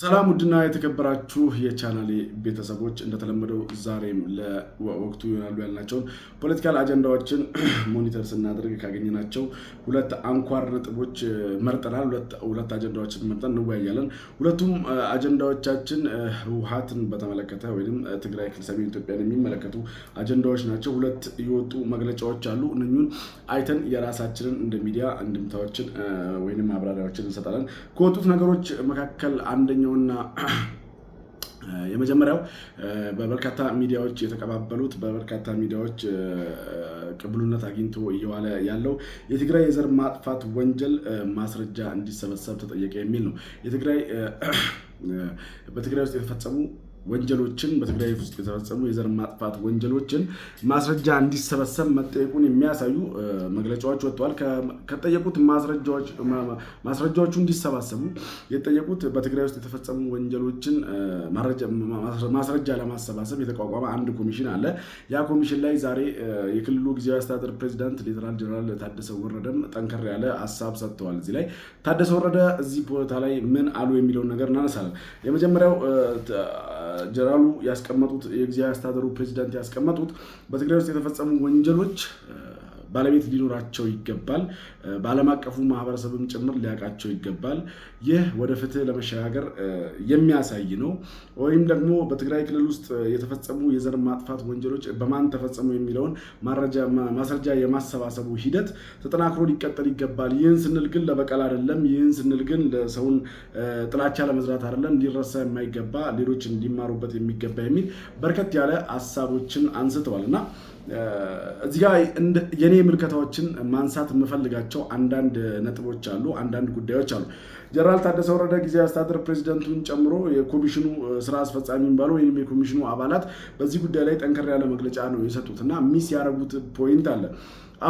ሰላም ውድና የተከበራችሁ የቻናሌ ቤተሰቦች እንደተለመደው ዛሬም ለወቅቱ ይሆናሉ ያልናቸውን ፖለቲካል አጀንዳዎችን ሞኒተር ስናደርግ ካገኘናቸው ሁለት አንኳር ነጥቦች መርጠናል። ሁለት አጀንዳዎችን መርጠን እንወያያለን። ሁለቱም አጀንዳዎቻችን ህውሀትን በተመለከተ ወይም ትግራይ ክልል፣ ሰሜን ኢትዮጵያን የሚመለከቱ አጀንዳዎች ናቸው። ሁለት የወጡ መግለጫዎች አሉ። እነኙን አይተን የራሳችንን እንደ ሚዲያ እንድምታዎችን ወይም ማብራሪያዎችን እንሰጣለን። ከወጡት ነገሮች መካከል አንደኛው አንደኛውና የመጀመሪያው በበርካታ ሚዲያዎች የተቀባበሉት በበርካታ ሚዲያዎች ቅብሉነት አግኝቶ እየዋለ ያለው የትግራይ የዘር ማጥፋት ወንጀል ማስረጃ እንዲሰበሰብ ተጠየቀ የሚል ነው። የትግራይ በትግራይ ውስጥ የተፈጸሙ ወንጀሎችን በትግራይ ውስጥ የተፈጸሙ የዘር ማጥፋት ወንጀሎችን ማስረጃ እንዲሰበሰብ መጠየቁን የሚያሳዩ መግለጫዎች ወጥተዋል። ከጠየቁት ማስረጃዎቹ እንዲሰባሰቡ የጠየቁት በትግራይ ውስጥ የተፈጸሙ ወንጀሎችን ማስረጃ ለማሰባሰብ የተቋቋመ አንድ ኮሚሽን አለ። ያ ኮሚሽን ላይ ዛሬ የክልሉ ጊዜያዊ አስተዳደር ፕሬዚዳንት ሌተናል ጀነራል ታደሰ ወረደም ጠንከር ያለ ሀሳብ ሰጥተዋል። እዚህ ላይ ታደሰ ወረደ እዚህ ቦታ ላይ ምን አሉ የሚለውን ነገር እናነሳለን። የመጀመሪያው ጀነራሉ ያስቀመጡት የጊዜያዊ አስተዳደሩ ፕሬዚዳንት ያስቀመጡት በትግራይ ውስጥ የተፈጸሙ ወንጀሎች ባለቤት ሊኖራቸው ይገባል። በዓለም አቀፉ ማህበረሰብም ጭምር ሊያውቃቸው ይገባል። ይህ ወደ ፍትህ ለመሸጋገር የሚያሳይ ነው። ወይም ደግሞ በትግራይ ክልል ውስጥ የተፈጸሙ የዘር ማጥፋት ወንጀሎች በማን ተፈጸሙ የሚለውን ማስረጃ የማሰባሰቡ ሂደት ተጠናክሮ ሊቀጠል ይገባል። ይህን ስንል ግን ለበቀል አይደለም። ይህን ስንል ግን ለሰውን ጥላቻ ለመዝራት አይደለም። ሊረሳ የማይገባ ሌሎች እንዲማሩበት የሚገባ የሚል በርከት ያለ ሀሳቦችን አንስተዋል እና እዚህ ጋር ምልከታዎችን ማንሳት የምፈልጋቸው አንዳንድ ነጥቦች አሉ፣ አንዳንድ ጉዳዮች አሉ። ጀነራል ታደሰ ወረደ ጊዜ አስተዳደር ፕሬዚደንቱን ጨምሮ የኮሚሽኑ ስራ አስፈጻሚ የሚባለው ወይም የኮሚሽኑ አባላት በዚህ ጉዳይ ላይ ጠንከር ያለ መግለጫ ነው የሰጡት እና ሚስ ያደረጉት ፖይንት አለ።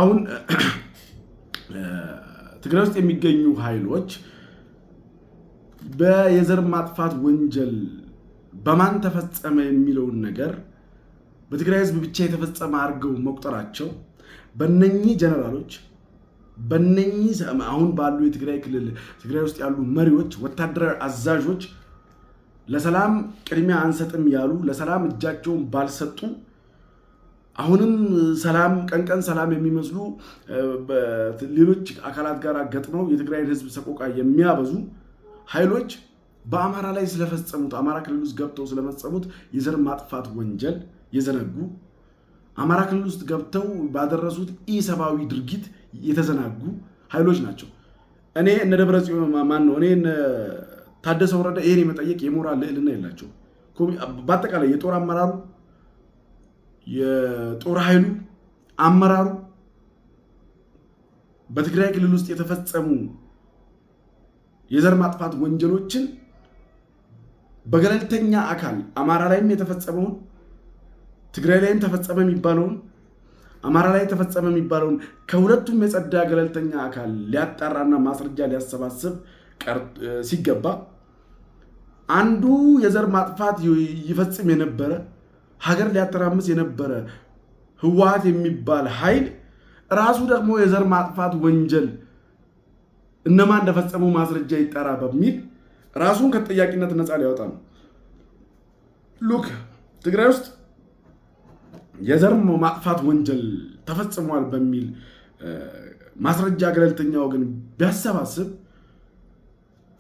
አሁን ትግራይ ውስጥ የሚገኙ ኃይሎች በየዘር ማጥፋት ወንጀል በማን ተፈጸመ የሚለውን ነገር በትግራይ ህዝብ ብቻ የተፈጸመ አድርገው መቁጠራቸው በነኚህ ጀነራሎች በነኚህ አሁን ባሉ የትግራይ ክልል ትግራይ ውስጥ ያሉ መሪዎች፣ ወታደራዊ አዛዦች ለሰላም ቅድሚያ አንሰጥም ያሉ ለሰላም እጃቸውን ባልሰጡ አሁንም ሰላም ቀንቀን ሰላም የሚመስሉ ሌሎች አካላት ጋር ገጥመው የትግራይን ሕዝብ ሰቆቃ የሚያበዙ ኃይሎች በአማራ ላይ ስለፈጸሙት አማራ ክልል ውስጥ ገብተው ስለፈጸሙት የዘር ማጥፋት ወንጀል የዘነጉ አማራ ክልል ውስጥ ገብተው ባደረሱት ኢሰብአዊ ድርጊት የተዘናጉ ኃይሎች ናቸው። እኔ እነ ደብረ ጽዮን ማን ነው እኔ ታደሰ ወረደ ይሄን የመጠየቅ የሞራል ልዕልና የላቸው። በአጠቃላይ የጦር አመራሩ፣ የጦር ኃይሉ አመራሩ በትግራይ ክልል ውስጥ የተፈጸሙ የዘር ማጥፋት ወንጀሎችን በገለልተኛ አካል አማራ ላይም የተፈጸመውን ትግራይ ላይም ተፈጸመ የሚባለውን አማራ ላይ ተፈጸመ የሚባለውን ከሁለቱም የጸዳ ገለልተኛ አካል ሊያጣራና ማስረጃ ሊያሰባስብ ሲገባ አንዱ የዘር ማጥፋት ይፈጽም የነበረ ሀገር ሊያተራምስ የነበረ ህወሀት የሚባል ኃይል ራሱ ደግሞ የዘር ማጥፋት ወንጀል እነማን እንደፈጸሙ ማስረጃ ይጠራ በሚል ራሱን ከተጠያቂነት ነፃ ሊያወጣ ነው። ሉክ ትግራይ ውስጥ የዘር ማጥፋት ወንጀል ተፈጽሟል በሚል ማስረጃ ገለልተኛ ወገን ቢያሰባስብ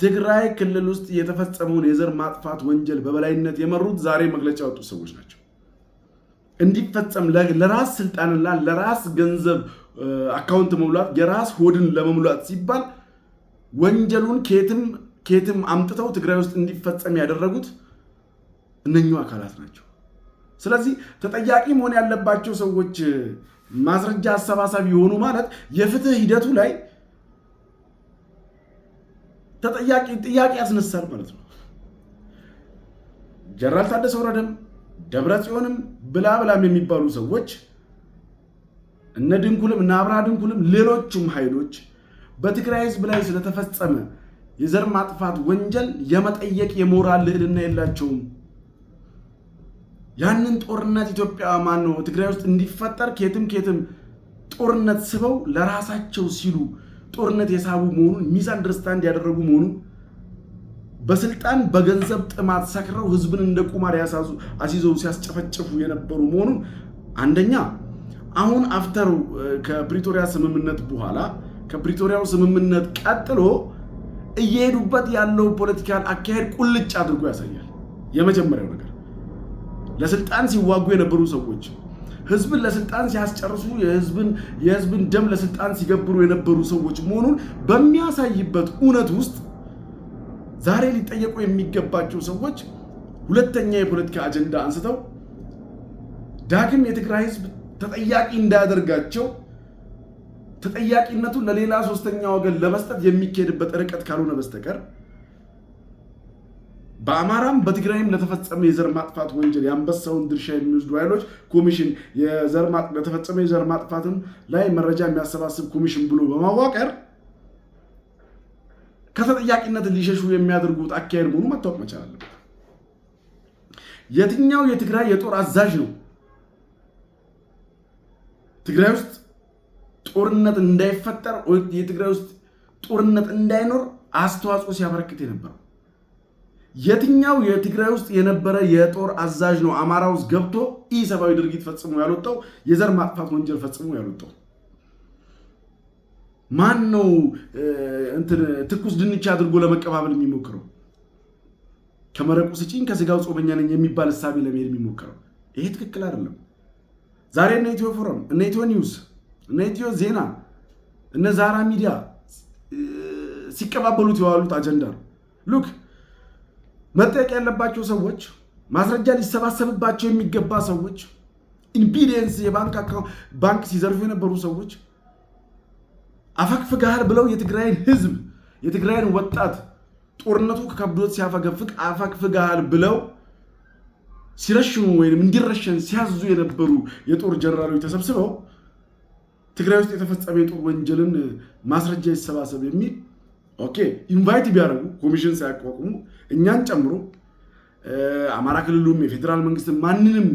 ትግራይ ክልል ውስጥ የተፈጸመውን የዘር ማጥፋት ወንጀል በበላይነት የመሩት ዛሬ መግለጫ ያወጡ ሰዎች ናቸው። እንዲፈጸም ለራስ ስልጣንና ለራስ ገንዘብ አካውንት መሙላት የራስ ሆድን ለመሙላት ሲባል ወንጀሉን ከየትም ከየትም አምጥተው ትግራይ ውስጥ እንዲፈጸም ያደረጉት እነኙ አካላት ናቸው። ስለዚህ ተጠያቂ መሆን ያለባቸው ሰዎች ማስረጃ አሰባሳቢ የሆኑ ማለት የፍትህ ሂደቱ ላይ ተጠያቂ ጥያቄ ያስነሳል ማለት ነው። ጀነራል ታደሰ ወረደም ደብረ ጽዮንም ብላ ብላም የሚባሉ ሰዎች እነ ድንኩልም እነ አብርሃ ድንኩልም ሌሎቹም ኃይሎች በትግራይ ህዝብ ላይ ስለተፈጸመ የዘር ማጥፋት ወንጀል የመጠየቅ የሞራል ልዕልና የላቸውም። ያንን ጦርነት ኢትዮጵያ ማን ነው ትግራይ ውስጥ እንዲፈጠር ኬትም ኬትም ጦርነት ስበው ለራሳቸው ሲሉ ጦርነት የሳቡ መሆኑን ሚስ አንደርስታንድ ያደረጉ መሆኑን በስልጣን በገንዘብ ጥማት ሰክረው ህዝብን እንደ ቁማር ያሳዙ አሲዘው ሲያስጨፈጭፉ የነበሩ መሆኑን አንደኛ አሁን አፍተር ከፕሪቶሪያ ስምምነት በኋላ ከፕሪቶሪያው ስምምነት ቀጥሎ እየሄዱበት ያለው ፖለቲካል አካሄድ ቁልጭ አድርጎ ያሳያል። የመጀመሪያው ለስልጣን ሲዋጉ የነበሩ ሰዎች፣ ህዝብን ለስልጣን ሲያስጨርሱ፣ የህዝብን ደም ለስልጣን ሲገብሩ የነበሩ ሰዎች መሆኑን በሚያሳይበት እውነት ውስጥ ዛሬ ሊጠየቁ የሚገባቸው ሰዎች ሁለተኛ የፖለቲካ አጀንዳ አንስተው ዳግም የትግራይ ህዝብ ተጠያቂ እንዳያደርጋቸው ተጠያቂነቱን ለሌላ ሶስተኛ ወገን ለመስጠት የሚካሄድበት ርቀት ካልሆነ በስተቀር በአማራም በትግራይም ለተፈጸመ የዘር ማጥፋት ወንጀል የአንበሳውን ድርሻ የሚወስዱ ኃይሎች ኮሚሽን ለተፈጸመ የዘር ማጥፋትም ላይ መረጃ የሚያሰባስብ ኮሚሽን ብሎ በማዋቀር ከተጠያቂነት ሊሸሹ የሚያደርጉት አካሄድ መሆኑ መታወቅ መቻል አለበት። የትኛው የትግራይ የጦር አዛዥ ነው ትግራይ ውስጥ ጦርነት እንዳይፈጠር የትግራይ ውስጥ ጦርነት እንዳይኖር አስተዋጽኦ ሲያበረክት የነበረው? የትኛው የትግራይ ውስጥ የነበረ የጦር አዛዥ ነው አማራ ውስጥ ገብቶ ኢሰብአዊ ድርጊት ፈጽሞ ያልወጣው የዘር ማጥፋት ወንጀል ፈጽሞ ያልወጣው? ማን ነው ትኩስ ድንች አድርጎ ለመቀባበል የሚሞክረው? ከመረቁ ስጪኝ ከስጋው ጾመኛ ነኝ የሚባል እሳቤ ለመሄድ የሚሞክረው? ይሄ ትክክል አይደለም። ዛሬ እነ ኢትዮ ፎረም፣ እነ ኢትዮ ኒውስ፣ እነ ኢትዮ ዜና፣ እነ ዛራ ሚዲያ ሲቀባበሉት የዋሉት አጀንዳ ነው ሉክ መጠየቅ ያለባቸው ሰዎች፣ ማስረጃ ሊሰባሰብባቸው የሚገባ ሰዎች፣ ኢምፒዲየንስ የባንክ ባንክ ሲዘርፉ የነበሩ ሰዎች አፈግፍግሃል ብለው የትግራይን ህዝብ የትግራይን ወጣት ጦርነቱ ከከብዶት ሲያፈገፍግ አፈግፍግሃል ብለው ሲረሽኑ ወይም እንዲረሸን ሲያዙ የነበሩ የጦር ጀነራሎች ተሰብስበው ትግራይ ውስጥ የተፈጸመ የጦር ወንጀልን ማስረጃ ይሰባሰብ የሚል ኦኬ ኢንቫይት ቢያደርጉ ኮሚሽን ሳያቋቁሙ እኛን ጨምሮ አማራ ክልሉም የፌዴራል መንግስት ማንንም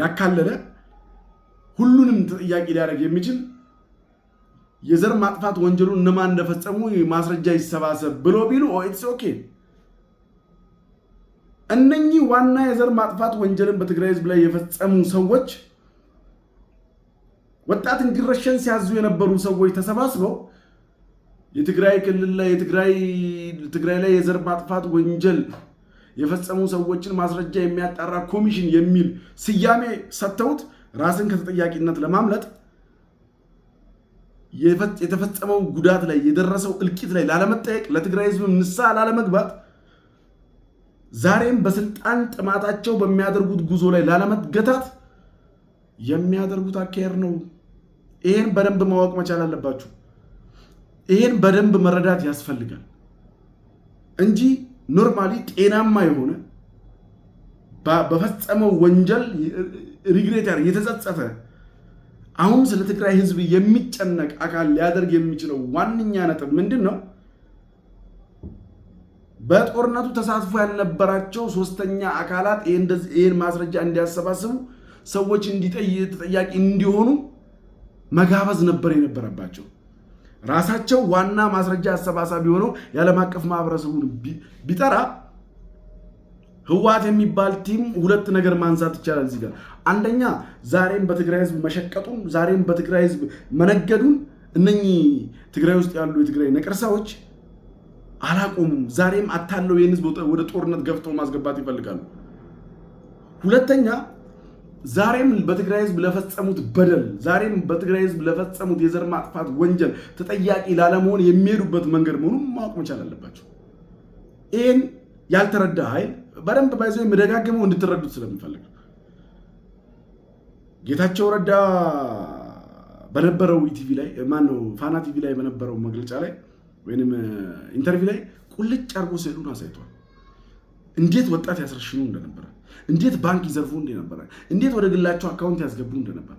ያካለለ ሁሉንም ተጠያቂ ሊያደርግ የሚችል የዘር ማጥፋት ወንጀሉን እነማን እንደፈጸሙ ማስረጃ ይሰባሰብ ብሎ ቢሉ ኢትስ ኦኬ። እነኚህ ዋና የዘር ማጥፋት ወንጀልን በትግራይ ህዝብ ላይ የፈጸሙ ሰዎች ወጣት እንዲረሸን ሲያዙ የነበሩ ሰዎች ተሰባስበው የትግራይ ክልል ላይ የትግራይ ትግራይ ላይ የዘር ማጥፋት ወንጀል የፈጸሙ ሰዎችን ማስረጃ የሚያጣራ ኮሚሽን የሚል ስያሜ ሰጥተውት ራስን ከተጠያቂነት ለማምለጥ የተፈጸመው ጉዳት ላይ የደረሰው እልቂት ላይ ላለመጠየቅ ለትግራይ ህዝብ ንስሐ ላለመግባት ዛሬም በስልጣን ጥማታቸው በሚያደርጉት ጉዞ ላይ ላለመገታት የሚያደርጉት አካሄድ ነው። ይህን በደንብ ማወቅ መቻል አለባችሁ። ይሄን በደንብ መረዳት ያስፈልጋል እንጂ ኖርማሊ ጤናማ የሆነ በፈጸመው ወንጀል ሪግሬተር የተጸጸተ አሁን ስለ ትግራይ ህዝብ የሚጨነቅ አካል ሊያደርግ የሚችለው ዋነኛ ነጥብ ምንድን ነው? በጦርነቱ ተሳትፎ ያልነበራቸው ሶስተኛ አካላት ይህን ማስረጃ እንዲያሰባስቡ ሰዎች ተጠያቂ እንዲሆኑ መጋበዝ ነበር የነበረባቸው። ራሳቸው ዋና ማስረጃ አሰባሳቢ ሆነው የዓለም አቀፍ ማህበረሰቡን ቢጠራ ህወሓት የሚባል ቲም ሁለት ነገር ማንሳት ይቻላል እዚህ ጋር። አንደኛ ዛሬም በትግራይ ህዝብ መሸቀጡን፣ ዛሬም በትግራይ ህዝብ መነገዱን እነኚህ ትግራይ ውስጥ ያሉ የትግራይ ነቀርሳዎች አላቆሙም። ዛሬም አታለው ይህን ህዝብ ወደ ጦርነት ገብተው ማስገባት ይፈልጋሉ። ሁለተኛ ዛሬም በትግራይ ህዝብ ለፈጸሙት በደል ዛሬም በትግራይ ህዝብ ለፈጸሙት የዘር ማጥፋት ወንጀል ተጠያቂ ላለመሆን የሚሄዱበት መንገድ መሆኑን ማወቅ መቻል አለባቸው። ይህን ያልተረዳ ኃይል በደንብ ባይዘ የምደጋግመው እንድትረዱት ስለምፈልግ ጌታቸው ረዳ በነበረው ኢቲቪ ላይ ማነው ፋና ቲቪ ላይ በነበረው መግለጫ ላይ ወይም ኢንተርቪው ላይ ቁልጭ አርጎ ስዕሉን አሳይቷል። እንዴት ወጣት ያስረሽኑ እንደነበረ እንዴት ባንክ ይዘርፉ እንደነበረ፣ እንዴት ወደ ግላቸው አካውንት ያስገቡ እንደነበረ፣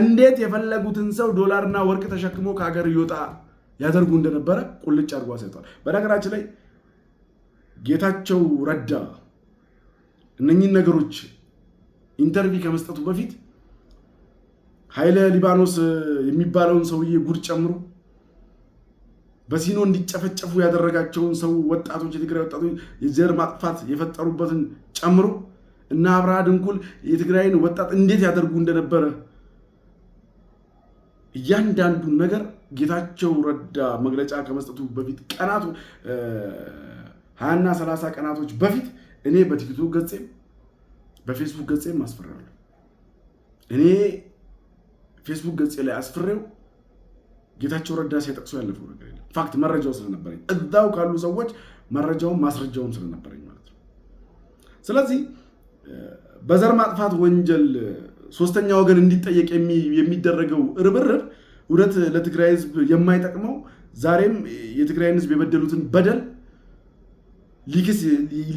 እንዴት የፈለጉትን ሰው ዶላርና ወርቅ ተሸክሞ ከሀገር ይወጣ ያደርጉ እንደነበረ ቁልጭ አድርጎ አሳይቷል። በነገራችን ላይ ጌታቸው ረዳ እነኚህን ነገሮች ኢንተርቪው ከመስጠቱ በፊት ኃይለ ሊባኖስ የሚባለውን ሰውዬ ጉድ ጨምሮ በሲኖ እንዲጨፈጨፉ ያደረጋቸውን ሰው ወጣቶች የትግራይ ወጣቶች የዘር ማጥፋት የፈጠሩበትን ጨምሮ እና አብርሃ ድንቁል የትግራይን ወጣት እንዴት ያደርጉ እንደነበረ እያንዳንዱን ነገር ጌታቸው ረዳ መግለጫ ከመስጠቱ በፊት ቀናቱ ሀያና ሰላሳ ቀናቶች በፊት እኔ በቲክቶክ ገጼም በፌስቡክ ገጼም አስፈራለሁ። እኔ ፌስቡክ ገጼ ላይ አስፍሬው ጌታቸው ረዳ ሲጠቅሱ ያለፈው ነገር የለም። ኢንፋክት መረጃው ስለነበረኝ እዛው ካሉ ሰዎች መረጃውን ማስረጃውን ስለነበረኝ ማለት ነው። ስለዚህ በዘር ማጥፋት ወንጀል ሶስተኛ ወገን እንዲጠየቅ የሚደረገው እርብርብ እውነት ለትግራይ ህዝብ የማይጠቅመው ዛሬም የትግራይን ህዝብ የበደሉትን በደል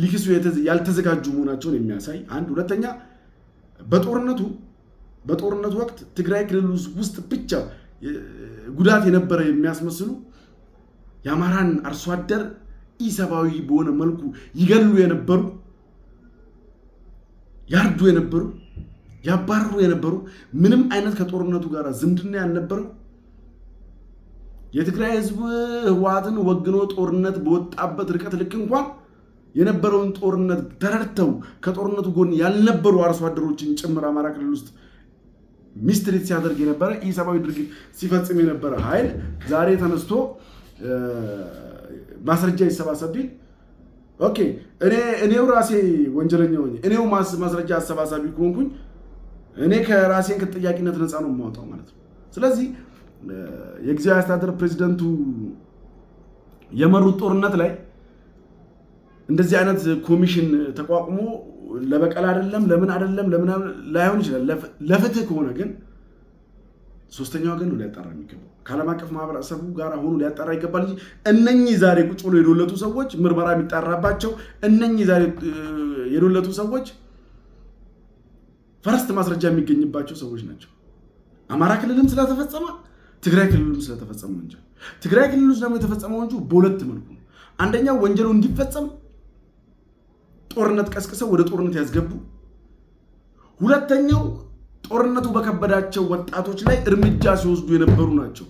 ሊክሱ ያልተዘጋጁ መሆናቸውን የሚያሳይ አንድ። ሁለተኛ በጦርነቱ በጦርነቱ ወቅት ትግራይ ክልል ውስጥ ብቻ ጉዳት የነበረ የሚያስመስሉ የአማራን አርሶ አደር ኢሰብአዊ በሆነ መልኩ ይገሉ የነበሩ ያርዱ የነበሩ ያባረሩ የነበሩ ምንም አይነት ከጦርነቱ ጋር ዝምድና ያልነበረው የትግራይ ህዝብ ህወሓትን ወግኖ ጦርነት በወጣበት ርቀት ልክ እንኳን የነበረውን ጦርነት ተረድተው ከጦርነቱ ጎን ያልነበሩ አርሶ አደሮችን ጭምር አማራ ክልል ውስጥ ሚስትሪት ሲያደርግ የነበረ ኢሰብአዊ ድርጊት ሲፈጽም የነበረ ኃይል ዛሬ ተነስቶ ማስረጃ ይሰባሰብ ቢል ኦኬ እኔ እኔው ራሴ ወንጀለኛ ሆኜ እኔው ማስረጃ አሰባሳቢ ከሆንኩኝ እኔ ከራሴን ከተጠያቂነት ነፃ ነው የማወጣው ማለት ነው። ስለዚህ የጊዜያዊ አስተዳደር ፕሬዚደንቱ የመሩት ጦርነት ላይ እንደዚህ አይነት ኮሚሽን ተቋቁሞ ለበቀል አይደለም ለምን አይደለም ለምን ላይሆን ይችላል ለፍትህ ከሆነ ግን ሶስተኛ ወገን ነው ሊያጣራ የሚገባው። ከዓለም አቀፍ ማህበረሰቡ ጋር ሆኖ ሊያጣራ ይገባል እንጂ እነኚህ ዛሬ ቁጭ ብሎ የዶለቱ ሰዎች ምርመራ የሚጣራባቸው እነኚህ ዛሬ የዶለቱ ሰዎች ፈረስት ማስረጃ የሚገኝባቸው ሰዎች ናቸው። አማራ ክልልም ስለተፈጸመ ትግራይ ክልልም ስለተፈጸመ ወንጀል ትግራይ ክልል ውስጥ ደግሞ የተፈጸመ ወንጁ በሁለት መልኩ ነው። አንደኛው ወንጀሉ እንዲፈጸም ጦርነት ቀስቅሰው ወደ ጦርነት ያስገቡ፣ ሁለተኛው ጦርነቱ በከበዳቸው ወጣቶች ላይ እርምጃ ሲወስዱ የነበሩ ናቸው።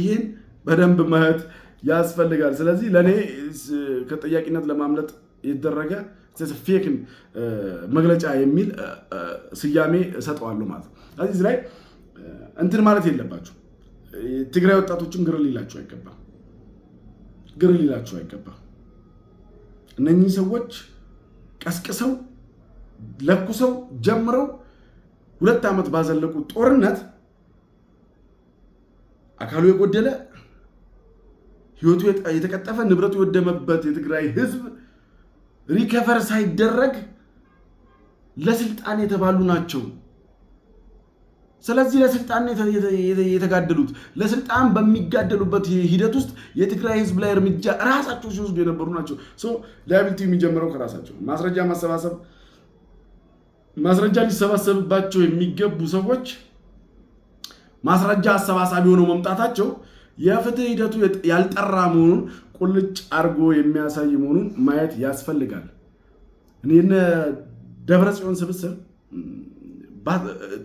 ይህን በደንብ ማየት ያስፈልጋል። ስለዚህ ለእኔ ከጠያቂነት ለማምለጥ የተደረገ ፌክን መግለጫ የሚል ስያሜ እሰጠዋለሁ ማለት ነው። ስለዚህ ላይ እንትን ማለት የለባቸው ትግራይ ወጣቶችም ግር ሊላቸው አይገባም፣ ግር ሊላቸው አይገባም። እነኚህ ሰዎች ቀስቅሰው ለኩሰው ጀምረው ሁለት ዓመት ባዘለቁት ጦርነት አካሉ የጎደለ ህይወቱ የተቀጠፈ ንብረቱ የወደመበት የትግራይ ህዝብ ሪከቨር ሳይደረግ ለስልጣን የተባሉ ናቸው። ስለዚህ ለስልጣን የተጋደሉት ለስልጣን በሚጋደሉበት ሂደት ውስጥ የትግራይ ህዝብ ላይ እርምጃ ራሳቸው ሲወስዱ የነበሩ ናቸው። ሶ የሚጀምረው ከራሳቸው ማስረጃ ማሰባሰብ ማስረጃ ሊሰባሰብባቸው የሚገቡ ሰዎች ማስረጃ አሰባሳቢ ሆነው መምጣታቸው የፍትህ ሂደቱ ያልጠራ መሆኑን ቁልጭ አድርጎ የሚያሳይ መሆኑን ማየት ያስፈልጋል። እኔ እነ ደብረ ጽዮን ስብስብ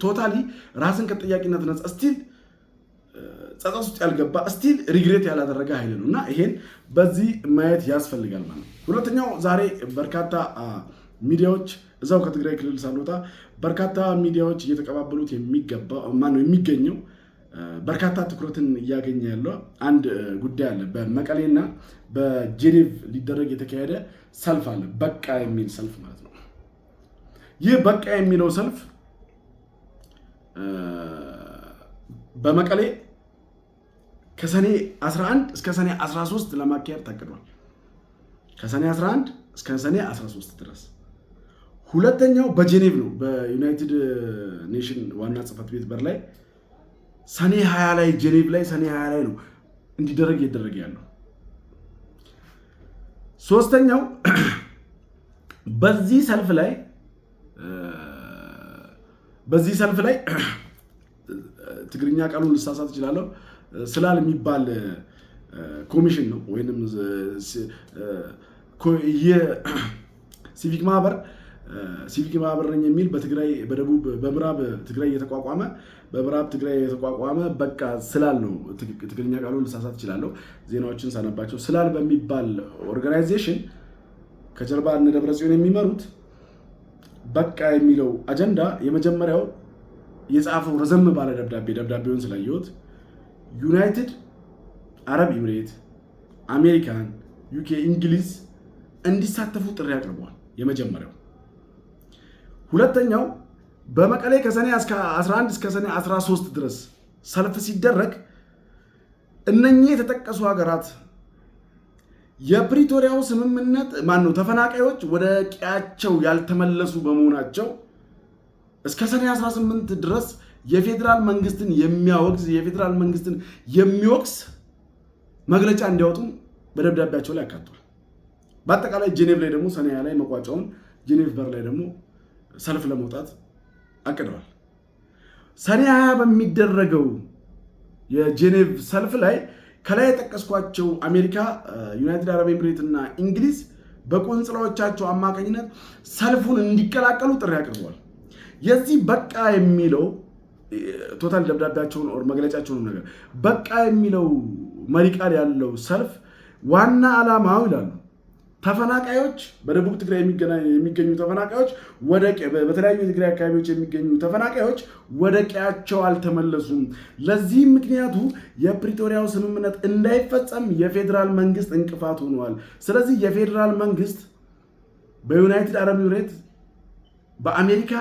ቶታሊ ራስን ከጥያቄነት ነጻ ስቲል ጸጸት ውስጥ ያልገባ ስቲል ሪግሬት ያላደረገ ኃይል ነው እና ይሄን በዚህ ማየት ያስፈልጋል ማለት ነው። ሁለተኛው ዛሬ በርካታ ሚዲያዎች እዛው ከትግራይ ክልል ሳንወጣ በርካታ ሚዲያዎች እየተቀባበሉት ማነው የሚገኘው በርካታ ትኩረትን እያገኘ ያለው አንድ ጉዳይ አለ። በመቀሌና በጄኔቭ ሊደረግ የተካሄደ ሰልፍ አለ። በቃ የሚል ሰልፍ ማለት ነው። ይህ በቃ የሚለው ሰልፍ በመቀሌ ከሰኔ 11 እስከ ሰኔ 13 ለማካሄድ ታቅዷል። ከሰኔ 11 እስከ ሰኔ 13 ድረስ ሁለተኛው በጄኔቭ ነው። በዩናይትድ ኔሽን ዋና ጽህፈት ቤት በር ላይ ሰኔ ሀያ ላይ ጄኔቭ ላይ ሰኔ ሀያ ላይ ነው እንዲደረግ እየደረገ ያለው። ሶስተኛው በዚህ ሰልፍ ላይ በዚህ ሰልፍ ላይ ትግርኛ ቃሉን ልሳሳት እችላለሁ ስላል የሚባል ኮሚሽን ነው ወይም ሲቪክ ማህበር ሲቪክ ማህበር ነኝ የሚል በትግራይ በደቡብ በምዕራብ ትግራይ እየተቋቋመ በምዕራብ ትግራይ የተቋቋመ በቃ ስላል ነው ትግርኛ ቃሉን ልሳሳት እችላለሁ፣ ዜናዎችን ሳነባቸው ስላል በሚባል ኦርጋናይዜሽን ከጀርባ እነ ደብረጽዮን የሚመሩት በቃ የሚለው አጀንዳ የመጀመሪያው የጻፈው ረዘም ባለ ደብዳቤ ደብዳቤውን ስላየሁት ዩናይትድ አረብ ኢሚሬት፣ አሜሪካን፣ ዩኬ፣ እንግሊዝ እንዲሳተፉ ጥሪ አቅርቧል። የመጀመሪያው ሁለተኛው በመቀሌ ከሰኔ 11 እስከ ሰኔ 13 ድረስ ሰልፍ ሲደረግ እነኚህ የተጠቀሱ ሀገራት የፕሪቶሪያው ስምምነት ማን ነው ተፈናቃዮች ወደ ቀያቸው ያልተመለሱ በመሆናቸው እስከ ሰኔ 18 ድረስ የፌዴራል መንግስትን የሚያወግዝ የፌዴራል መንግስትን የሚወቅስ መግለጫ እንዲያወጡም በደብዳቤያቸው ላይ አካቷል። በአጠቃላይ ጄኔቭ ላይ ደግሞ ሰኔ ላይ መቋጫውን ጄኔቭ በር ላይ ደግሞ ሰልፍ ለመውጣት አቅደዋል። ሰኔ ሀያ በሚደረገው የጄኔቭ ሰልፍ ላይ ከላይ የጠቀስኳቸው አሜሪካ፣ ዩናይትድ አረብ ኤምሬት እና እንግሊዝ በቆንጽላዎቻቸው አማካኝነት ሰልፉን እንዲቀላቀሉ ጥሪ አቅርበዋል። የዚህ በቃ የሚለው ቶታል ደብዳቤያቸውን ኦር መግለጫቸውን ነገር በቃ የሚለው መሪ ቃል ያለው ሰልፍ ዋና ዓላማው ይላሉ ተፈናቃዮች በደቡብ ትግራይ የሚገኙ ተፈናቃዮች በተለያዩ የትግራይ አካባቢዎች የሚገኙ ተፈናቃዮች ወደ ቀያቸው አልተመለሱም። ለዚህም ምክንያቱ የፕሪቶሪያው ስምምነት እንዳይፈጸም የፌዴራል መንግስት እንቅፋት ሆኗል። ስለዚህ የፌዴራል መንግስት በዩናይትድ አረብ ኤምሬት፣ በአሜሪካ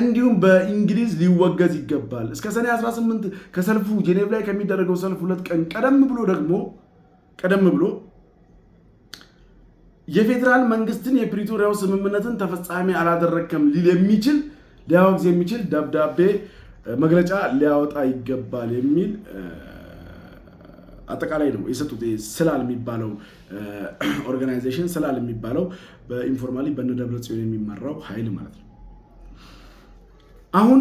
እንዲሁም በእንግሊዝ ሊወገዝ ይገባል። እስከ ሰኔ 18 ከሰልፉ ጄኔቭ ላይ ከሚደረገው ሰልፍ ሁለት ቀን ቀደም ብሎ ደግሞ ቀደም ብሎ የፌዴራል መንግስትን የፕሪቶሪያው ስምምነትን ተፈጻሚ አላደረከም ሊል የሚችል ሊያወግዝ የሚችል ደብዳቤ መግለጫ ሊያወጣ ይገባል የሚል አጠቃላይ ነው የሰጡት። ስላል የሚባለው ኦርጋናይዜሽን ስላል የሚባለው በኢንፎርማሊ በነ ደብረ ጽዮን የሚመራው ኃይል ማለት ነው። አሁን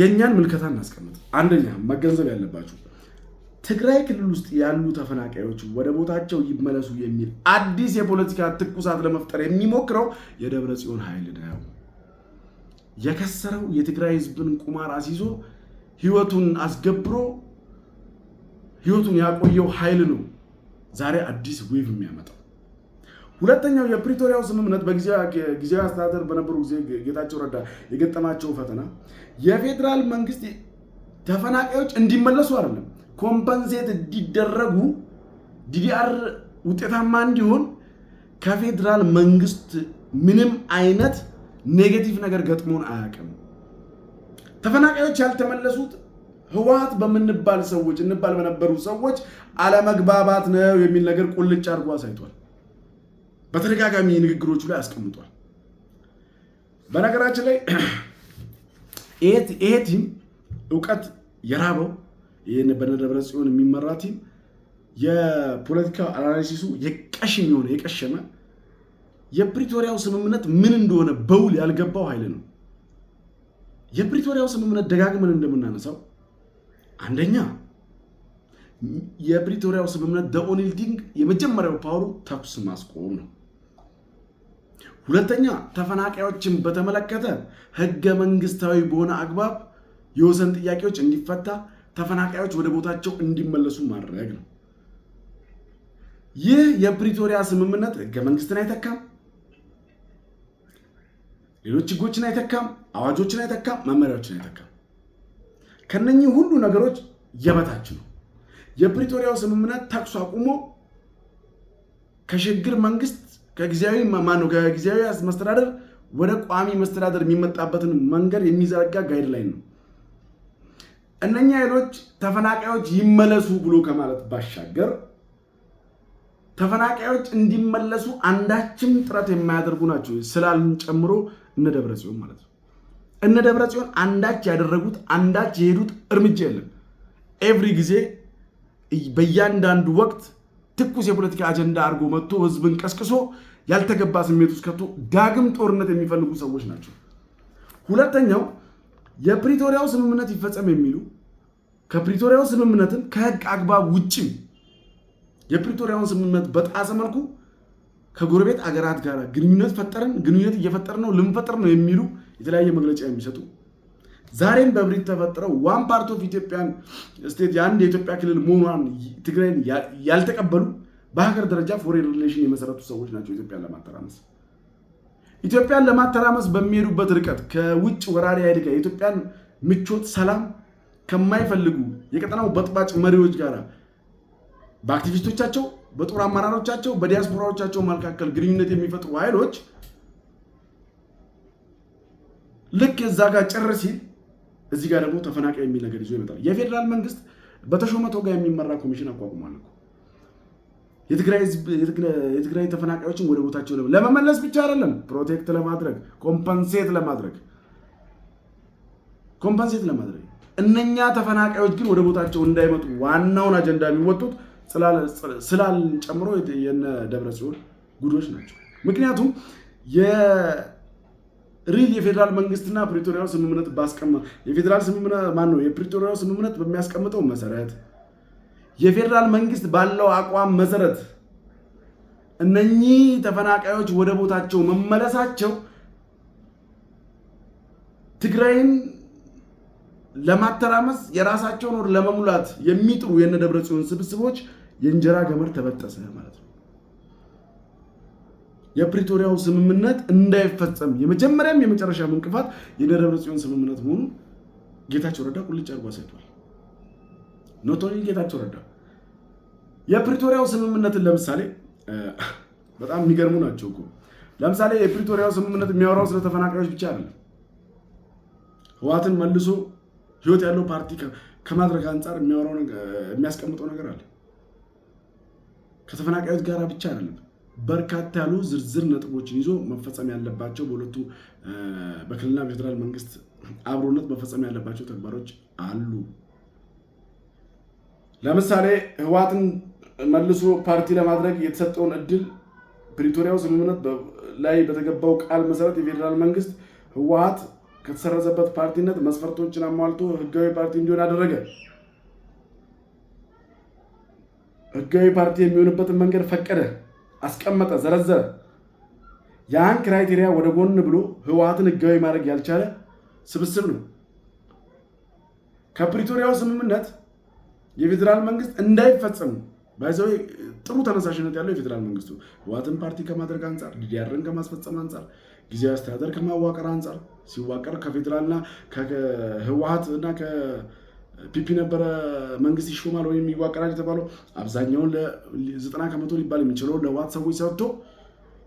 የእኛን ምልከታ እናስቀምጥ። አንደኛ መገንዘብ ያለባችሁ ትግራይ ክልል ውስጥ ያሉ ተፈናቃዮች ወደ ቦታቸው ይመለሱ የሚል አዲስ የፖለቲካ ትኩሳት ለመፍጠር የሚሞክረው የደብረ ጽዮን ኃይል ነው። የከሰረው የትግራይ ህዝብን ቁማር አስይዞ ህይወቱን አስገብሮ ህይወቱን ያቆየው ኃይል ነው ዛሬ አዲስ ዌቭ የሚያመጣው። ሁለተኛው የፕሪቶሪያው ስምምነት በጊዜያዊ አስተዳደር በነበሩ ጊዜ ጌታቸው ረዳ የገጠማቸው ፈተና የፌዴራል መንግስት ተፈናቃዮች እንዲመለሱ አይደለም ኮምፐንሴት እንዲደረጉ ዲዲአር ውጤታማ እንዲሆን ከፌዴራል መንግስት ምንም አይነት ኔጌቲቭ ነገር ገጥሞን አያውቅም። ተፈናቃዮች ያልተመለሱት ህወሓት በምንባል ሰዎች እንባል በነበሩ ሰዎች አለመግባባት ነው የሚል ነገር ቁልጭ አድርጎ አሳይቷል። በተደጋጋሚ ንግግሮቹ ላይ አስቀምጧል። በነገራችን ላይ ይሄ ቲም እውቀት የራበው ይህን በነደብረ ጽዮን የሚመራ ቲም የፖለቲካ አናሊሲሱ የቀሽ የሆነ የቀሸመ የፕሪቶሪያው ስምምነት ምን እንደሆነ በውል ያልገባው ኃይል ነው። የፕሪቶሪያው ስምምነት ደጋግመን እንደምናነሳው አንደኛ የፕሪቶሪያው ስምምነት ደኦኒልዲንግ የመጀመሪያው ፓወሩ ተኩስ ማስቆም ነው። ሁለተኛ ተፈናቃዮችን በተመለከተ ህገ መንግስታዊ በሆነ አግባብ የወሰን ጥያቄዎች እንዲፈታ ተፈናቃዮች ወደ ቦታቸው እንዲመለሱ ማድረግ ነው። ይህ የፕሪቶሪያ ስምምነት ህገ መንግስትን አይተካም፣ ሌሎች ህጎችን አይተካም፣ አዋጆችን አይተካም፣ መመሪያዎችን አይተካም። ከነኚህ ሁሉ ነገሮች የበታች ነው። የፕሪቶሪያው ስምምነት ተኩስ አቁሞ ከሽግግር መንግስት ከጊዜያዊ ማነው ከጊዜያዊ መስተዳደር ወደ ቋሚ መስተዳደር የሚመጣበትን መንገድ የሚዘረጋ ጋይድላይን ነው። እነኛ ኃይሎች ተፈናቃዮች ይመለሱ ብሎ ከማለት ባሻገር ተፈናቃዮች እንዲመለሱ አንዳችም ጥረት የማያደርጉ ናቸው ስላልን ጨምሮ እነ ደብረ ጽዮን ማለት ነው። እነ ደብረ ጽዮን አንዳች ያደረጉት አንዳች የሄዱት እርምጃ የለም። ኤቭሪ ጊዜ በእያንዳንዱ ወቅት ትኩስ የፖለቲካ አጀንዳ አድርጎ መጥቶ ህዝብን ቀስቅሶ ያልተገባ ስሜት ውስጥ ከቶ ዳግም ጦርነት የሚፈልጉ ሰዎች ናቸው። ሁለተኛው የፕሪቶሪያው ስምምነት ይፈጸም የሚሉ ከፕሪቶሪያው ስምምነትም ከህግ አግባብ ውጭም የፕሪቶሪያውን ስምምነት በጣሰ መልኩ ከጎረቤት አገራት ጋር ግንኙነት ፈጠርን፣ ግንኙነት እየፈጠር ነው፣ ልንፈጥር ነው የሚሉ የተለያየ መግለጫ የሚሰጡ ዛሬም በብሪት ተፈጥረው ዋን ፓርት ኦፍ ኢትዮጵያን ስቴት የአንድ የኢትዮጵያ ክልል መሆኗን ትግራይን ያልተቀበሉ በሀገር ደረጃ ፎሬን ሪሌሽን የመሰረቱ ሰዎች ናቸው ኢትዮጵያን ለማተራመስ ኢትዮጵያን ለማተራመስ በሚሄዱበት ርቀት ከውጭ ወራሪ ኃይል ጋር የኢትዮጵያን ምቾት፣ ሰላም ከማይፈልጉ የቀጠናው በጥባጭ መሪዎች ጋር በአክቲቪስቶቻቸው፣ በጦር አመራሮቻቸው፣ በዲያስፖራዎቻቸው መካከል ግንኙነት የሚፈጥሩ ኃይሎች ልክ የዛ ጋር ጭር ሲል እዚህ ጋር ደግሞ ተፈናቃይ የሚል ነገር ይዞ ይመጣል። የፌዴራል መንግስት በተሾመ ቶጋ የሚመራ ኮሚሽን አቋቁሟል እኮ የትግራይ ተፈናቃዮችን ወደ ቦታቸው ለመመለስ ብቻ አይደለም፣ ፕሮቴክት ለማድረግ ኮምፐንሴት ለማድረግ ኮምፐንሴት ለማድረግ እነኛ ተፈናቃዮች ግን ወደ ቦታቸው እንዳይመጡ ዋናውን አጀንዳ የሚወጡት ስላልን ጨምሮ የነ ደብረ ጽዮን ጉዶች ናቸው። ምክንያቱም የሪል የፌዴራል መንግስትና ፕሪቶሪያው ስምምነት ባስቀመ የፌዴራል ስምምነት ማነው ነው የፕሪቶሪያው ስምምነት በሚያስቀምጠው መሰረት የፌዴራል መንግስት ባለው አቋም መሰረት እነኚህ ተፈናቃዮች ወደ ቦታቸው መመለሳቸው ትግራይን ለማተራመስ የራሳቸውን ወር ለመሙላት የሚጥሩ የነ ደብረጽዮን ስብስቦች የእንጀራ ገመድ ተበጠሰ ማለት ነው። የፕሪቶሪያው ስምምነት እንዳይፈጸም የመጀመሪያም የመጨረሻ እንቅፋት የነ ደብረጽዮን ስምምነት መሆኑን ጌታቸው ረዳ ቁልጭ አድርጎ አሳይቷል። ኖቶኒ ጌታቸው ረዳ የፕሪቶሪያው ስምምነትን ለምሳሌ በጣም የሚገርሙ ናቸው እኮ ለምሳሌ የፕሪቶሪያው ስምምነት የሚያወራው ስለ ተፈናቃዮች ብቻ አይደለም። ህዋትን መልሶ ህይወት ያለው ፓርቲ ከማድረግ አንጻር የሚያስቀምጠው ነገር አለ። ከተፈናቃዮች ጋር ብቻ አይደለም። በርካታ ያሉ ዝርዝር ነጥቦችን ይዞ መፈጸም ያለባቸው በሁለቱ በክልልና በፌደራል መንግስት አብሮነት መፈጸም ያለባቸው ተግባሮች አሉ። ለምሳሌ ህዋትን መልሶ ፓርቲ ለማድረግ የተሰጠውን እድል ፕሪቶሪያው ስምምነት ላይ በተገባው ቃል መሰረት የፌዴራል መንግስት ህወሀት ከተሰረዘበት ፓርቲነት መስፈርቶችን አሟልቶ ህጋዊ ፓርቲ እንዲሆን አደረገ። ህጋዊ ፓርቲ የሚሆንበትን መንገድ ፈቀደ፣ አስቀመጠ፣ ዘረዘረ። ያን ክራይቴሪያ ወደ ጎን ብሎ ህወሀትን ህጋዊ ማድረግ ያልቻለ ስብስብ ነው። ከፕሪቶሪያው ስምምነት የፌዴራል መንግስት እንዳይፈጸሙ ባይዘው ጥሩ ተነሳሽነት ያለው የፌዴራል መንግስቱ ህወሓትን ፓርቲ ከማድረግ አንጻር ዲዲአርን ከማስፈጸም አንጻር ጊዜያዊ አስተዳደር ከማዋቀር አንጻር ሲዋቀር ከፌዴራልና ከህወሓት እና ከፒፒ ነበረ መንግስት ይሾማል ወይም ይዋቀራል የተባለው አብዛኛውን ዘጠና ከመቶ ሊባል የሚችለው ለህወሓት ሰዎች ሰጥቶ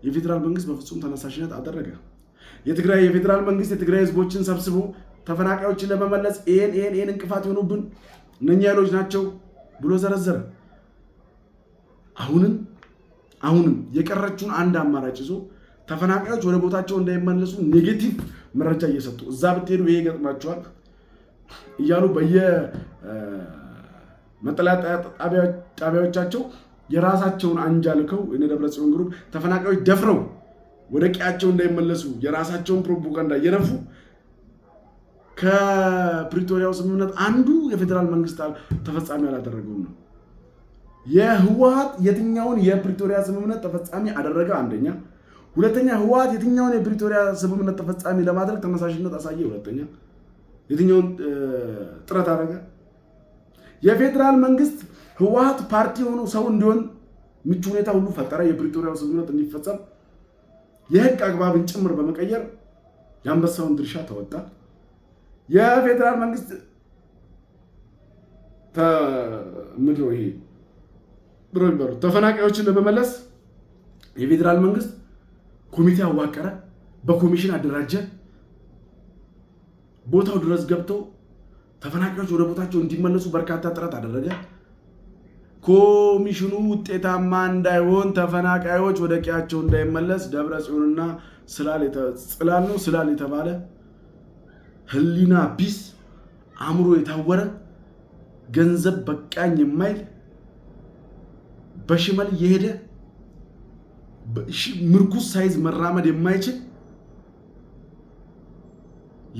የፌዴራል መንግስት በፍጹም ተነሳሽነት አደረገ። የትግራይ የፌዴራል መንግስት የትግራይ ህዝቦችን ሰብስቦ ተፈናቃዮችን ለመመለስ ይሄን ይሄን ይሄን እንቅፋት የሆኑብን እነኛ ኃይሎች ናቸው ብሎ ዘረዘረ። አሁንም አሁንም የቀረችውን አንድ አማራጭ ይዞ ተፈናቃዮች ወደ ቦታቸው እንዳይመለሱ ኔጌቲቭ መረጃ እየሰጡ እዛ ብትሄዱ ይሄ ይገጥማቸዋል እያሉ በየመጠለያ ጣቢያዎቻቸው የራሳቸውን አንጃ ልከው እነ ደብረጽዮን ግሩፕ ተፈናቃዮች ደፍረው ወደ ቀያቸው እንዳይመለሱ የራሳቸውን ፕሮፓጋንዳ እየነፉ ከፕሪቶሪያው ስምምነት አንዱ የፌዴራል መንግስት ተፈጻሚ አላደረገውም ነው። የህወሀት የትኛውን የፕሪቶሪያ ስምምነት ተፈጻሚ አደረገ? አንደኛ። ሁለተኛ ህወሀት የትኛውን የፕሪቶሪያ ስምምነት ተፈጻሚ ለማድረግ ተነሳሽነት አሳየ? ሁለተኛ። የትኛውን ጥረት አደረገ? የፌዴራል መንግስት ህወሀት ፓርቲ የሆነው ሰው እንዲሆን ምቹ ሁኔታ ሁሉ ፈጠረ፣ የፕሪቶሪያ ስምምነት እንዲፈጸም የህግ አግባብን ጭምር በመቀየር የአንበሳውን ድርሻ ተወጣ። የፌዴራል መንግስት ምንድን ነው ይሄ ብሎ የሚበሉት ተፈናቃዮችን ለመመለስ የፌዴራል መንግስት ኮሚቴ አዋቀረ፣ በኮሚሽን አደራጀ። ቦታው ድረስ ገብቶ ተፈናቃዮች ወደ ቦታቸው እንዲመለሱ በርካታ ጥረት አደረገ። ኮሚሽኑ ውጤታማ እንዳይሆን ተፈናቃዮች ወደ ቀያቸው እንዳይመለስ ደብረ ጽዮንና ጽላል ነው ስላል የተባለ ህሊና ቢስ አእምሮ የታወረ ገንዘብ በቃኝ የማይል በሽመል እየሄደ ምርኩ ሳይዝ መራመድ የማይችል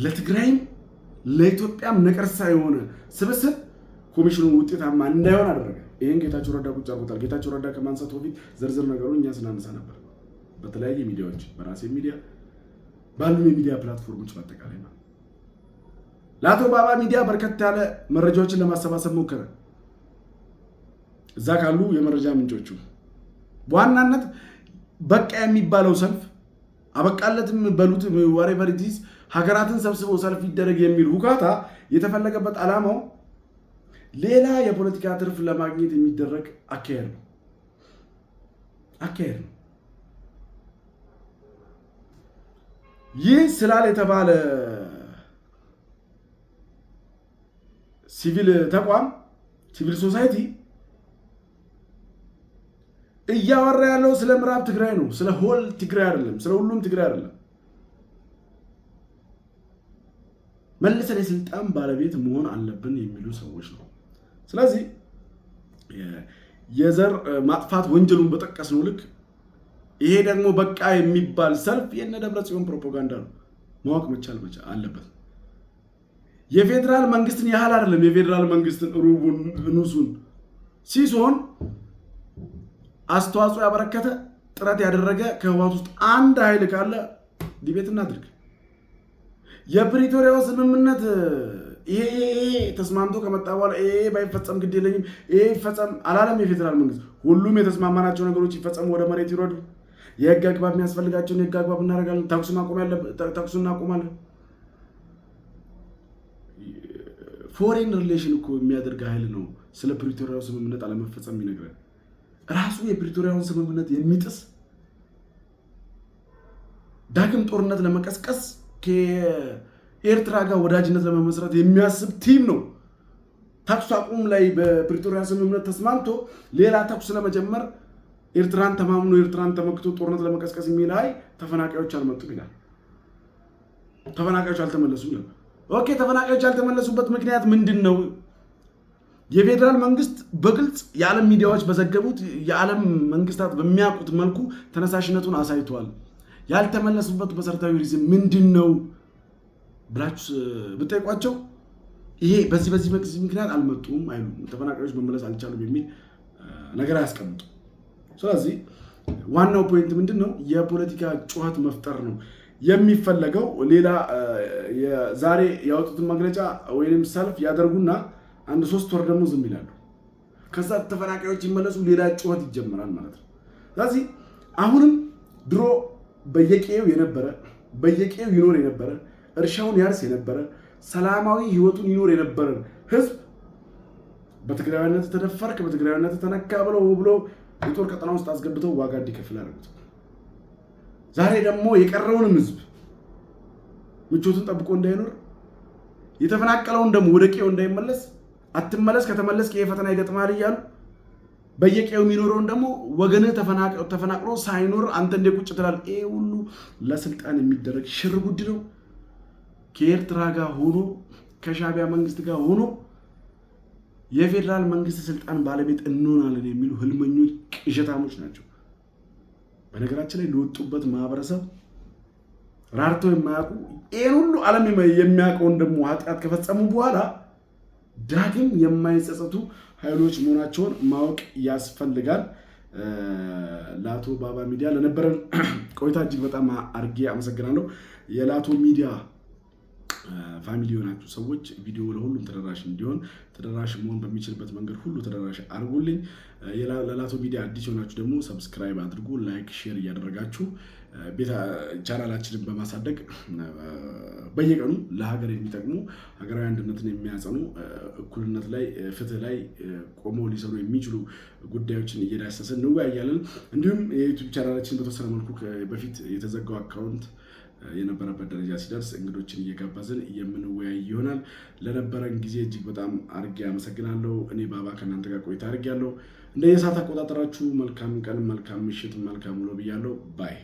ለትግራይም ለኢትዮጵያም ነቀርሳ የሆነ ስብስብ ኮሚሽኑ ውጤታማ እንዳይሆን አደረገ። ይህን ጌታቸው ረዳ ቁጭ አርጎታል። ጌታቸው ረዳ ከማንሳት በፊት ዝርዝር ነገሩን እኛ ስናነሳ ነበር፣ በተለያየ ሚዲያዎች፣ በራሴ ሚዲያ፣ ባሉ የሚዲያ ፕላትፎርሞች በአጠቃላይ ለአቶ ባባ ሚዲያ በርከት ያለ መረጃዎችን ለማሰባሰብ ሞከረ። እዛ ካሉ የመረጃ ምንጮቹ በዋናነት በቃ የሚባለው ሰልፍ አበቃለትም በሉት ዋሬቨሪቲስ ሀገራትን ሰብስቦ ሰልፍ ይደረግ የሚል ሁካታ የተፈለገበት ዓላማው ሌላ የፖለቲካ ትርፍ ለማግኘት የሚደረግ አካሄድ ነው አካሄድ ነው። ይህ ስላል የተባለ ሲቪል ተቋም ሲቪል ሶሳይቲ እያወራ ያለው ስለ ምዕራብ ትግራይ ነው። ስለ ሆል ትግራይ አይደለም። ስለ ሁሉም ትግራይ አይደለም። መልሰን የስልጣን ባለቤት መሆን አለብን የሚሉ ሰዎች ነው። ስለዚህ የዘር ማጥፋት ወንጀሉን በጠቀስ ነው ልክ ይሄ ደግሞ በቃ የሚባል ሰልፍ የነ ደብረ ጽዮን ፕሮፓጋንዳ ነው። ማወቅ መቻል አለበት። የፌዴራል መንግስትን ያህል አይደለም። የፌዴራል መንግስትን ሩቡን፣ ኑሱን ሲሶን አስተዋጽኦ ያበረከተ ጥረት ያደረገ ከህወሓት ውስጥ አንድ ኃይል ካለ ዲቤት እናድርግ። የፕሪቶሪያው ስምምነት ይሄ ተስማምቶ ከመጣ በኋላ ይሄ ባይፈጸም ግድ የለኝም ይሄ ይፈጸም አላለም። የፌዴራል መንግስት ሁሉም የተስማማናቸው ነገሮች ይፈጸሙ፣ ወደ መሬት ይረዱ የህግ አግባብ የሚያስፈልጋቸውን የህግ አግባብ እናደርጋለን፣ ተኩስ እናቆማለን። ፎሬን ሪሌሽን እኮ የሚያደርግ ኃይል ነው ስለ ፕሪቶሪያው ስምምነት አለመፈጸም ይነግራል። ራሱ የፕሪቶሪያውን ስምምነት የሚጥስ ዳግም ጦርነት ለመቀስቀስ ከኤርትራ ጋር ወዳጅነት ለመመስረት የሚያስብ ቲም ነው። ተኩስ አቁም ላይ በፕሪቶሪያ ስምምነት ተስማምቶ ሌላ ተኩስ ለመጀመር ኤርትራን ተማምኖ ኤርትራን ተመክቶ ጦርነት ለመቀስቀስ የሚል ሀይ ተፈናቃዮች አልመጡም ይላል። ተፈናቃዮች አልተመለሱም ኦኬ፣ ተፈናቃዮች ያልተመለሱበት ምክንያት ምንድን ነው? የፌዴራል መንግስት በግልጽ የዓለም ሚዲያዎች በዘገቡት የዓለም መንግስታት በሚያውቁት መልኩ ተነሳሽነቱን አሳይቷል። ያልተመለሱበት መሰረታዊ ሪዝም ምንድን ነው ብላችሁ ብጠይቋቸው ይሄ በዚህ በዚህ ምክንያት አልመጡም አይሉ ተፈናቃዮች መመለስ አልቻሉም የሚል ነገር አያስቀምጡ። ስለዚህ ዋናው ፖይንት ምንድን ነው? የፖለቲካ ጩኸት መፍጠር ነው የሚፈለገው። ሌላ ዛሬ ያወጡትን መግለጫ ወይም ሰልፍ ያደርጉና አንድ ሶስት ወር ደግሞ ዝም ይላሉ። ከዛ ተፈናቃዮች ይመለሱ፣ ሌላ ጩኸት ይጀምራል ማለት ነው። ስለዚህ አሁንም ድሮ በየቄው የነበረ በየቄው ይኖር የነበረ እርሻውን ያርስ የነበረ ሰላማዊ ህይወቱን ይኖር የነበረ ህዝብ በትግራዊነት ተደፈርክ፣ በትግራዊነት ተነካ ብለው ብሎ የጦር ቀጠና ውስጥ አስገብተው ዋጋ እንዲከፍል አደረጉት። ዛሬ ደግሞ የቀረውንም ህዝብ ምቾቱን ጠብቆ እንዳይኖር የተፈናቀለውን ደግሞ ወደ ቄው እንዳይመለስ አትመለስ፣ ከተመለስ ይሄ ፈተና ይገጥማል እያሉ በየቀው የሚኖረውን ደግሞ ወገንህ ተፈናቅሎ ሳይኖር አንተ እንደ ቁጭ ትላል ይሄ ሁሉ ለስልጣን የሚደረግ ሽር ጉድ ነው። ከኤርትራ ጋር ሆኖ ከሻቢያ መንግስት ጋር ሆኖ የፌዴራል መንግስት ስልጣን ባለቤት እንሆናለን የሚሉ ህልመኞች ቅዠታሞች ናቸው። በነገራችን ላይ ለወጡበት ማህበረሰብ ራርተው የማያውቁ ይህን ሁሉ ዓለም የሚያውቀውን ደግሞ ኃጢአት ከፈጸሙ በኋላ ዳግም የማይጸጸቱ ኃይሎች መሆናቸውን ማወቅ ያስፈልጋል። ላቶ ባባ ሚዲያ ለነበረን ቆይታ እጅግ በጣም አርጌ አመሰግናለሁ። የላቶ ሚዲያ ፋሚሊ የሆናችሁ ሰዎች ቪዲዮ ለሁሉም ተደራሽ እንዲሆን ተደራሽ መሆን በሚችልበት መንገድ ሁሉ ተደራሽ አድርጉልኝ። ለላቶ ሚዲያ አዲስ የሆናችሁ ደግሞ ሰብስክራይብ አድርጉ፣ ላይክ፣ ሼር እያደረጋችሁ ቻናላችንን በማሳደግ በየቀኑ ለሀገር የሚጠቅሙ ሀገራዊ አንድነትን የሚያጸኑ እኩልነት ላይ ፍትህ ላይ ቆመው ሊሰሩ የሚችሉ ጉዳዮችን እየዳሰስን እንወያያለን። እንዲሁም የዩቱብ ቻናላችን በተወሰነ መልኩ በፊት የተዘጋው አካውንት የነበረበት ደረጃ ሲደርስ እንግዶችን እየጋበዝን የምንወያይ ይሆናል። ለነበረን ጊዜ እጅግ በጣም አድርጌ አመሰግናለሁ። እኔ ባባ ከእናንተ ጋር ቆይታ አድርጌያለሁ። እንደ የሰዓት አቆጣጠራችሁ መልካም ቀን፣ መልካም ምሽት፣ መልካም ውሎ ብያለሁ ባይ